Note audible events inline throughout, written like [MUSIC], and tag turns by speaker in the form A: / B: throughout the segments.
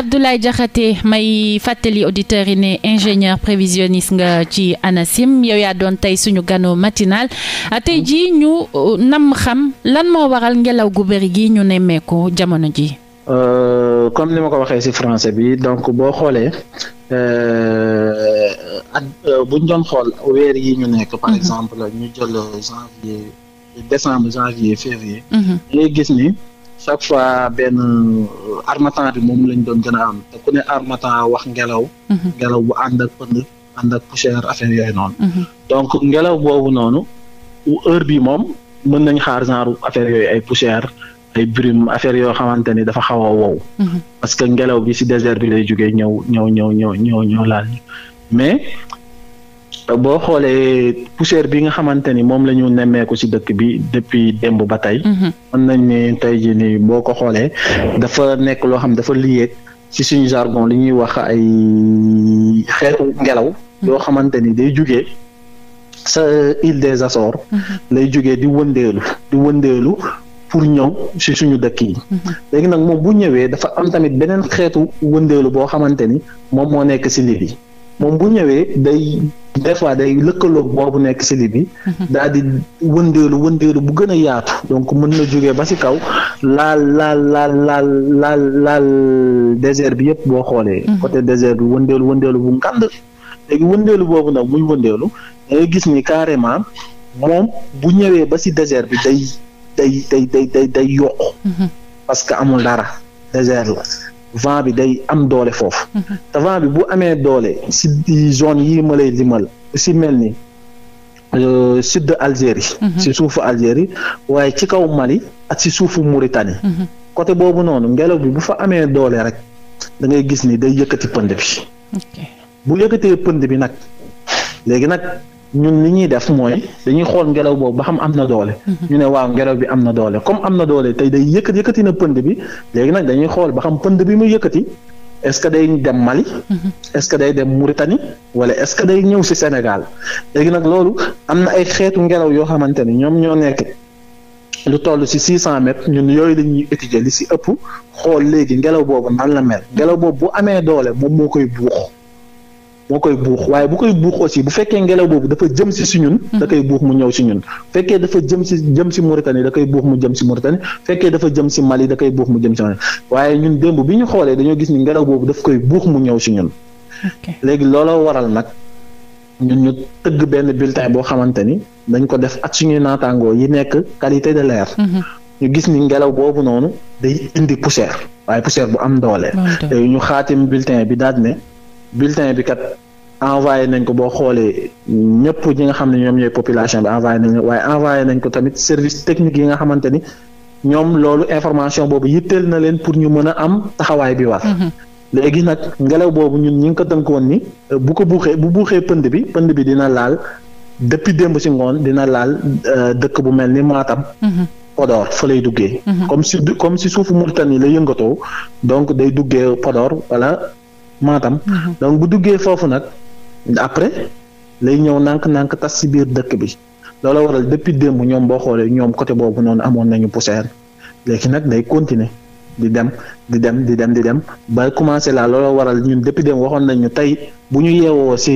A: Abdoulaye Diakhaté may fàttali auditeurs yi ne ingénieur prévisionniste nga ci ANACIM yow yaa doon tey suñu gano matinal ah, tey mm-hmm. jii ñu uh, nam xam lan moo waral ngelaw gu bëri gi ñu nemmeeku jamono ji
B: euh, comme ni ma ko waxee ci français bi donc boo xoolee euh, at euh, buñ doon xool weer yi ñu nekk par mm-hmm. exemple ñu jël janvier décembre janvier février mm-hmm. ngay gis ni chaque fois benn armatan bi moom lañ doon gën a am te ku ne armatan wax ngelaw mhm. ngelaw bu ànd ak pënd ànd ak poussière affaire yooyu noonu mhm. donc ngelaw boobu noonu heure bi moom mën nañ xaar genre affaire yooyu ay poussière ay brume affaire yoo xamante ni dafa xaw wow mhm. parce que ngelaw bi ci désert bi lay jógee ñëw ñëw ñëw ñëw ñëw ñëw laal mais boo xoolee poussière bi nga xamante ni moom la ñu nemmeeku ci dëkk bi depuis démb ba tey. man mhm. nañ ne tey jii nii boo ko xoolee dafa nekk loo xam dafa lié ci suñu jargon li ñuy wax ay xeetu ngelaw. Mhm. yoo xamante ni day jugee sa île des Açores. Mhm. lay jóge di wëndeelu di wëndéelu pour ñëw ci suñu dëkk yi léegi nag moom bu ñëwee dafa am tamit beneen xeetu wëndeelu boo xamante ni moom moo nekk ci lii yi moom bu ñëwee day des fois day lëkkaloog boobu nekk sili bi mhm. daal di wëndeelu wëndeelu bu gën a yaatu donc mën na jógee ba ci kaw laal laal laal laal laal laal désert bi yëpp boo xoolee mhm. côté désert bi wëndeelu wëndeelu bu ngand léegi wëndeelu boobu nag muy wëndeelu dangay gis ni carrément moom bu ñëwee ba si désert bi day day day day day day yokk mhm. parce que amul dara désert la vent bi day am doole foofu. te bi bu amee doole si zone yi ma lay limal si mel ni euh, sud de Algérie. Mhm. si suufu Algérie waaye ci kaw Mali ak si suufu Mauritanie. Mhm. côté boobu noonu ngelaw bi bu fa amee doole rek dangay gis ni day yëkkati pënd bi. bu yëkkatee pënd bi nag léegi nag ñun li ñuy def mooy dañuy xool ngelaw boobu ba xam am na doole. Mhm. ñu ne waaw ngelaw bi am na doole comme am na doole tey day yëkkat yëkkati na pënd bi léegi nag dañuy xool ba xam pënd bi mu yëkkati est-ce que day dem Mali. Mhm. est-ce que day dem muritani wala est-ce que day ñëw si Sénégal léegi nag loolu am na ay xeetu ngelaw yoo xamante ni ñoom ñoo nekk. lu toll ci six cent mètres ñun yooyu la ñuy li ci ëpp xool léegi ngelaw boobu nan la mel ngelaw boobu bu amee doole moom moo koy buux moo koy buux waaye bu koy buux aussi bu fekkee ngelaw boobu dafa jëm si si ñun da koy buux mu ñëw si ñun fekkee dafa jëm si jëm si Mauritanie da koy mu jëm si Mauritanie fekkee dafa jëm si Mali da koy buux mu jëm si Mali waaye ñun démb bi ñu xoolee dañoo gis ni ngelaw boobu daf koy buux mu ñëw si ñun léegi looloo waral nag ñun ñu tëgg benn bulletin boo xamante ni dañ ko def ak suñuy naataangoo yi nekk qualité de l'air mhm. ñu gis ni ngelaw boobu noonu day indi poussière waaye poussière bu am doole. ñu xaatim bulletin bi daal ne bulletin bi kat envoyé nañ ko boo xoolee ñëpp ñi nga xam ne ñoom ñooy population bi envoyé nañ waaye envoyé nañ ko tamit service technique yi nga xamante ni ñoom loolu information boobu yitteel na leen pour ñu mën a am taxawaay bi war. Mhm. léegi nag ngelaw boobu ñu ñi ngi ko tënk woon ni euh, bu ko buuxee bu buuxee pënd bi pënd bi dina laal depuis démb ci ngoon dina laal euh, dëkk bu mel ni Matam. Mhm. Podor fa lay duggee. Mhm. comme si comme si suufu Mauritanie la yëngatoo donc day duggee Podor Matam. Mhm. donc bu duggee foofu nag après lay ñëw nànk nànk tas ci biir dëkk bi loola waral depuis démb ñoom boo xoolee ñoom côté boobu noonu amoon nañu poussière léegi nag day continuer di dem di dem di dem di dem ba commencé laa loola waral ñun depuis démb waxoon nañ ñu tey bu ñu yeewoo ci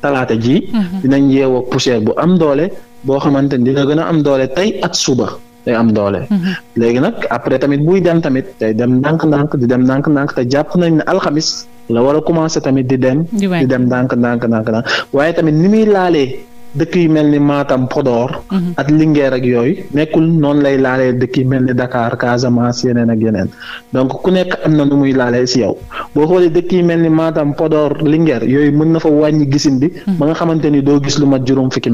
B: talaata ji. Mhm. dinañ yeewoo poussière bu am doole boo xamante ni dina gën a am doole tey ak suba. day am doole. Mhm. léegi nag après tamit buy dem tamit day dem ndànk-ndànk di dem ndànk-ndànk te jàpp nañ ne alxamis la war a commencer tamit di dem. di dem ndànk-ndànk ndànk-ndànk waaye tamit ni muy laalee. dëkk yu mel ni maatam Podor. Mm -hmm. ak Linguère ak yooyu nekkul noonu lay laalee dëkk yu mel ni Dakar Casamance yeneen ak yeneen donc ku nekk am na nu muy laalee si yow boo xoolee dëkk yu mel ni maatam Podor Linguère yooyu mën na fa wàññi gisin bi. Mhm. ba nga xamante ni doo gis lu mat juróom fukki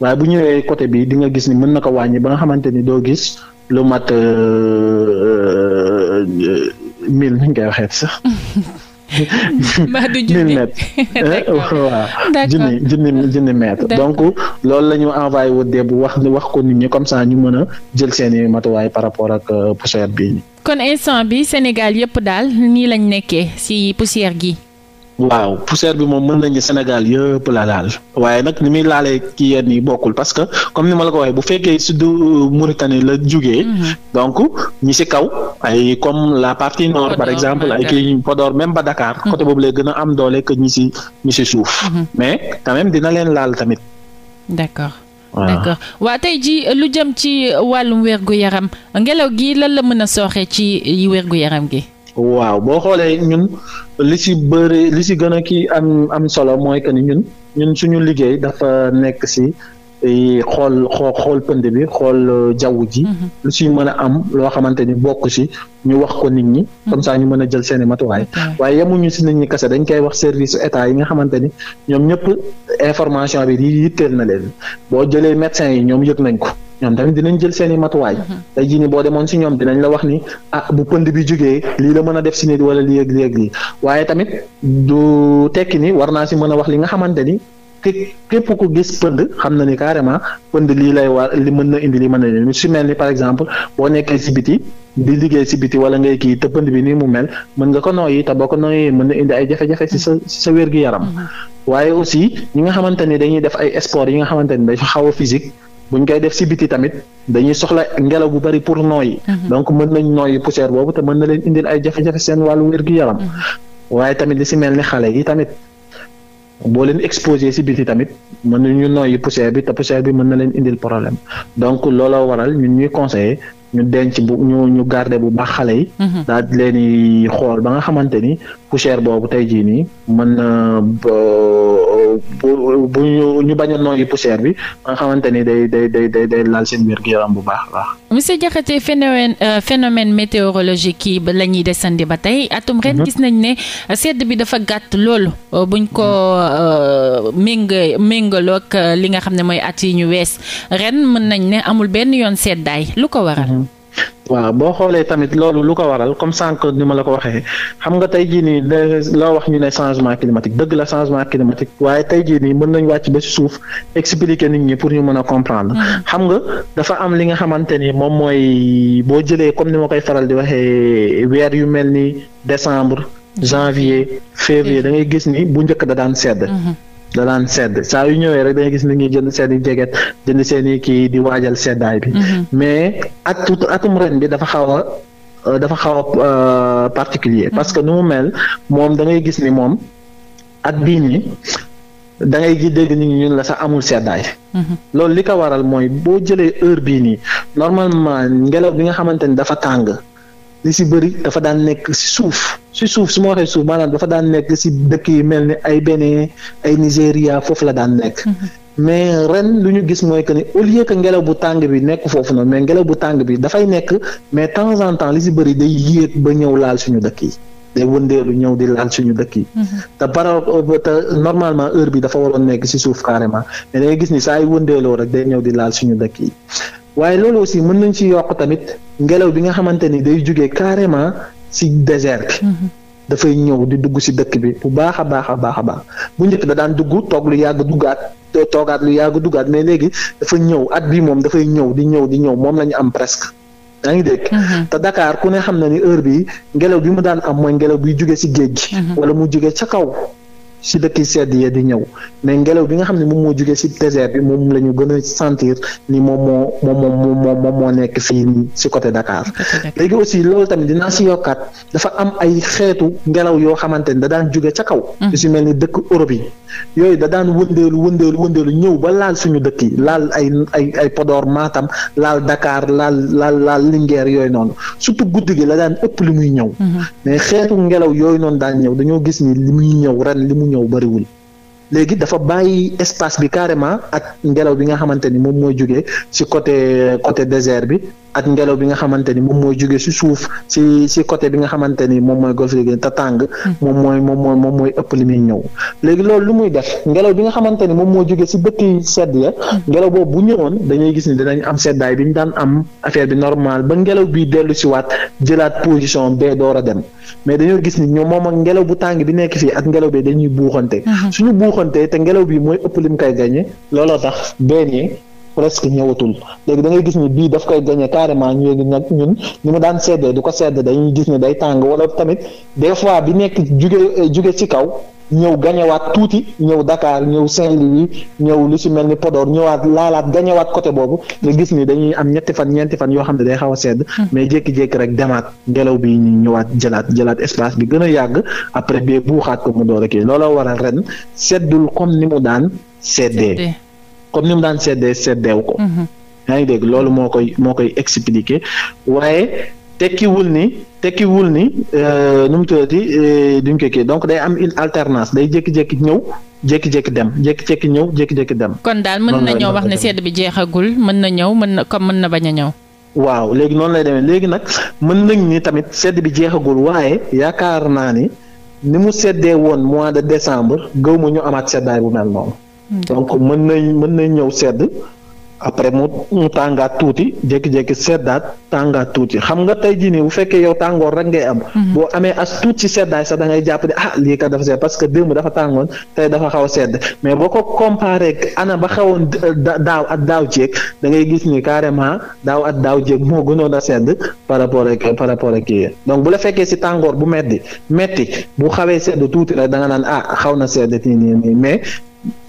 B: waaye bu ñëwee côté bi di nga gis ni mën na ko wàññi ba nga xamante ni doo gis lu mat euh, euh, mille ni ñu koy waxee sax. mbaa [LAUGHS] du junni mille mètres [LAUGHS] euh, mètre donc loolu la ñu envoyé wu bu wax wax ko nit ñi comme ça ñu mën a jël seen i matuwaay par rapport ak poussière bii.
A: kon instant bi Sénégal yëpp daal nii lañ nekkee ci poussière gi.
B: waaw poussière bi moom mën nañu Sénégal yëpp la laal waaye nag ni muy laalee ki yenn yi bokkul parce que comme ni ma la ko waxee bu fekkee sud Mauritanie la jugee. Mhm. donc ñi si kaw ay comme la partie nord par exemple ay kii Podor même ba Dakar. Mhm. côté boobu lay gën a am doole que ñi si ñi si suuf. Mhm. mais quand dina leen laal tamit. d'accord d'accord
A: waa tey ji lu jëm ci wàllum gu yaram ngelaw gi lan la mën a sooxee ci wérgu yaram gi.
B: waaw boo xoolee ñun li si bëri li si gën a kii am am solo mooy que ni ñun ñun suñu liggéey dafa nekk ci xool xool xool pënd bi xool euh, jaww ji. Mm-hmm. lu ci mën a am loo xamante ni bokk si ñu wax ko nit ñi. Mm-hmm. comme ça ñu mën a jël seeni matuwaay. waaye yamuñu si nit ñi kese dañ koy wax service état yi nga xamante ni ñoom ñëpp information bi di yitteel na leen boo jëlee médecin yi ñoom yëg nañ ko. ñoom tamit dinañ jël seen i matuwaay. Mhm. tey jii nii boo demoon si ñoom dinañ la wax ni ah bu pënd bi jógee lii la mën a def si nit wala lii ak lii ak lii waaye tamit du tekki ni war naa si mën a wax li nga xamante ni képp ku gis pënd xam na ni carrément pënd lii lay war li mën na indi li mën na indi su mel ni par exemple boo nekkee si biti di liggéey si wala ngay kii te pënd bi nii mu mel mën nga ko nooyi te boo ko nooyee mën na indi ay jafe-jafe si sa si wér-gu-yaram mhm. waaye aussi ñi nga xamante ni dañuy def ay sport yi nga xamante ni dafa xaw a physique buñ koy def si biti tamit dañuy soxla ngelaw bu bari pour nooyi. Mhm. donc mën nañ nooyi poussière boobu te mën na leen indil ay jafe-jafe seen wàllu wér-gu-yaram. Mhm. waaye tamit li si mel ni xale yi tamit boo leen exposé si biti tamit mën nañu nooyi poussière bi te bi mën na leen indil problème donc a waral ñun ñuy conseillé ñu denc bu ñu ñu garder bu baax xale yi. Mhm. daal di leen di xool ba nga xamante ni poussière boobu tey jii nii mën na. bu bu ñu ñu bañ a nooyi poussière bi nga xamante ni day day day day day laal seen wér gu yaram bu baax baax.
A: monsieur Diakhaté phénomène euh, phénomène météorologique yi ba la ñuy desandi ba tey atum ren mhm. gis nañ ne sedd bi dafa gàtt loolu euh, buñ ko euh, ménga méngalook li nga xam ne mooy at yi ñu wees ren mën nañ ne amul benn yoon seddaay lu ko waral. Mhm.
B: waaw boo xoolee tamit loolu lu ko waral comme sànq ni ma la ko waxee xam nga tey jii nii loo wax ñu ne changement climatique dëgg la changement climatique waaye tey jii nii mën nañ wàcc ba si suuf expliquer nit ñi pour ñu mën a comprendre. Mm-hmm. xam nga dafa am li nga xamante ni moom mooy boo jëlee comme ni ma koy faral di waxee weer yu mel ni décembre janvier février mm-hmm. da ngay gis ni bu njëkk da daan sedd. Mm-hmm. da daan sedd saa yu ñëwee rek dañuy gis ni ñi jënd seen i jeget jënd seen i kii di waajal seddaay bi. Mm-hmm. mais at atum ren bi dafa xaw euh, dafa xaw a euh, particulier. parce que mm-hmm. nu mu mel moom da ngay gis ni moom at bii nii dangay gi dégg nit ñi ñun la sax amul seddaay. Mm-hmm. loolu li ko waral mooy boo jëlee heure bii nii normalement ngelaw bi nga xamante ni dafa tàng. li si bëri dafa daan nekk si suuf suuf su ma waxee suuf maanaam dafa daan nekk si dëkk yi mel ni ay Bénin ay Nigéria foofu la daan nekk. Mhm. mais ren lu ñu gis mooy que ni au lieu que ngelaw bu tàng bi nekk foofu noonu mais ngelaw bu tàng bi dafay nekk mais temps en temps li si bëri day yéeg ba ñëw laal suñu dëkk yi day wëndeelu ñëw di laal suñu dëkk yi. Mhm. te par euh, te normalement heure bi dafa waroon nekk si suuf carrément mais da ngay gis ni saa yu wëndeeloo rek day ñëw di laal suñu dëkk yi. waaye loolu aussi mën nañ ci yokk tamit ngelaw bi nga xamante ni day jóge carrément ci désert bi. Mhm. dafay ñëw di dugg ci dëkk bi bu baax a baax a baax a baax bu njëkk da daan dugg toog lu yàgg duggaat toogaat lu yàgg duggaat mais léegi dafa ñëw at bi moom dafay ñëw di ñëw di ñëw moom la am presque. yaa ngi dégg. Mhm. te Dakar ku ne xam na ni heure bi ngelaw bi mu daan am mooy ngelaw bi jóge ci géej gi. Mhm. mu jóge ca kaw si dëkk sedd ya di ñëw mais ngelaw bi nga xam ne moom moo jugee si désert bi moom la ñu gën a sentir ni moom moo moom moo moom moo nekk fii si côté Dakar léegi aussi loolu tamit dinaa si yokkaat dafa am ay xeetu ngelaw yoo xamante ni da daan jóge ca kaw mm. lu si mel ni dëkk Europe yi yooyu da daan wëndeelu wëndeelu wëndeelu ñëw ba laal suñu dëkk yi laal ay ay ay Podor Matam laal Dakar laal laal laal Linguère yooyu noonu surtout guddi gi la daan ëpp li muy ñëw mm-hmm. mais xeetu ngelaw yooyu noonu daan ñëw dañoo gis ni li muy ñëw ren li mu ñëw ñëw bëriwul léegi dafa bàyyi espace bi carrément ak ngelaw bi nga xamante ni moom mooy jugee ci côté côté désert bi ak ngelaw bi nga xamante ni moom mooy jugee ci suuf ci ci côté bi nga xamante ni moom mooy golfe gi te tàng. Hmm. moom mooy moom mooy moom mooy ëpp li muy ñëw. léegi loolu lu muy def ngelaw bi nga xamante ni moom mooy jugee ci bëtti sedd ya hmm. ngelaw boobu bu ñëwoon dañuy gis ni dinañ am seddaay bi ñu daan am affaire bi normal ba ngelaw bi dellu ci waat jëlaat position bee door a dem mais dañoo gis ni ñoom moom ak ngelaw bu tàng bi nekk fii ak ngelaw bi dañuy buuxante. Hmm. buuxante te ngelaw bi mooy ëpp lim koy gagné looloo tax benn yi presque ñëwatul léegi da ngay gis ni bii daf koy gagné carrément ñu ngi nag ñun ni mu daan seddee du ko sedd dañuy gis ne day tàng wala tamit des fois bi nekk juge juge ci kaw ñëw gañewaat tuuti ñëw Dakar ñëw Saint-Louis ñëw lu si mel ni podoor ñëwaat laalaat gañewaat côté boobu nga gis ni dañuy am ñetti fan ñeenti fan yoo xam ne day xaw a sedd hmm. mais jékki-jékki rek demaat ngelaw bi ñu ñëwaat jëlaat jëlaat espace bi gën a yàgg après bee buuxaat ko mu door a kii looloo waral ren seddul comme ni daan seddee comme ni daan seddee seddeew ko hmm. ngi dégg loolu moo koy moo koy waaye tekkiwul ni tekkiwul ni euh, nu mu tuddati euh, duñ ko kii donc day am une alternance day jékki-jékki ñëw jékki-jékki dem jékki-jékki ñëw jékki-jékki dem. kon
A: daal mën na ñëw wax ne sedd bi jeexagul mën na ñëw mën na comme mën na bañ a ñëw.
B: waaw léegi noonu lay demee léegi nag mën nañ ni tamit sedd bi jeexagul waaye yaakaar naa ni ni mu seddee woon mois de décembre gëw ma ñu amaat seddaay bu mel noonu. Hmm. donc mën nañ mën nañ ñëw sedd. après mu mu tàngaat tuuti jékki-jékki seddaat tàngaat tuuti xam nga tey jii nii bu fekkee yow tàngoor rek ngay am. Mhm. boo amee as tuuti ci seddaay sax da ngay jàpp ne ah lii kat dafa sedd parce que démb dafa tàngoon tey dafa xaw sedd mais boo ko comparé ana ba xawoon euh, daaw daaw jéeg da ngay gis ni carrément daaw ak daaw jéeg moo gënoon a sedd par rapport ak par rapport ak kii donc bu la fekkee si tàngoor bu metti metti bu xawee sedd tuuti rek da nga naan ah xaw na sedd nii nii mais.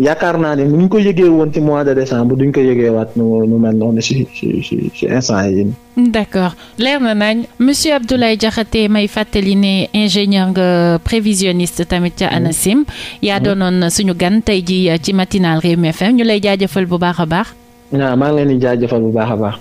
B: yaakaar naa ne ni ñu ko yëgee woon ci mois de décembre duñ ko yëgee waat nu nu mel noonu ci ci ci ci instant yi
A: d'accord leer na nañ monsieur Abdoulaye Diakhaté may fàttali ne ingénieur nga prévisionniste tamit ca ANACIM yaa mm-hmm. doonoon suñu gan tey ji ci matinal Rewmi FM ñu lay jaajëfal bu baax a baax
B: waaw maa ngi leen di jaajëfal bu baax a baax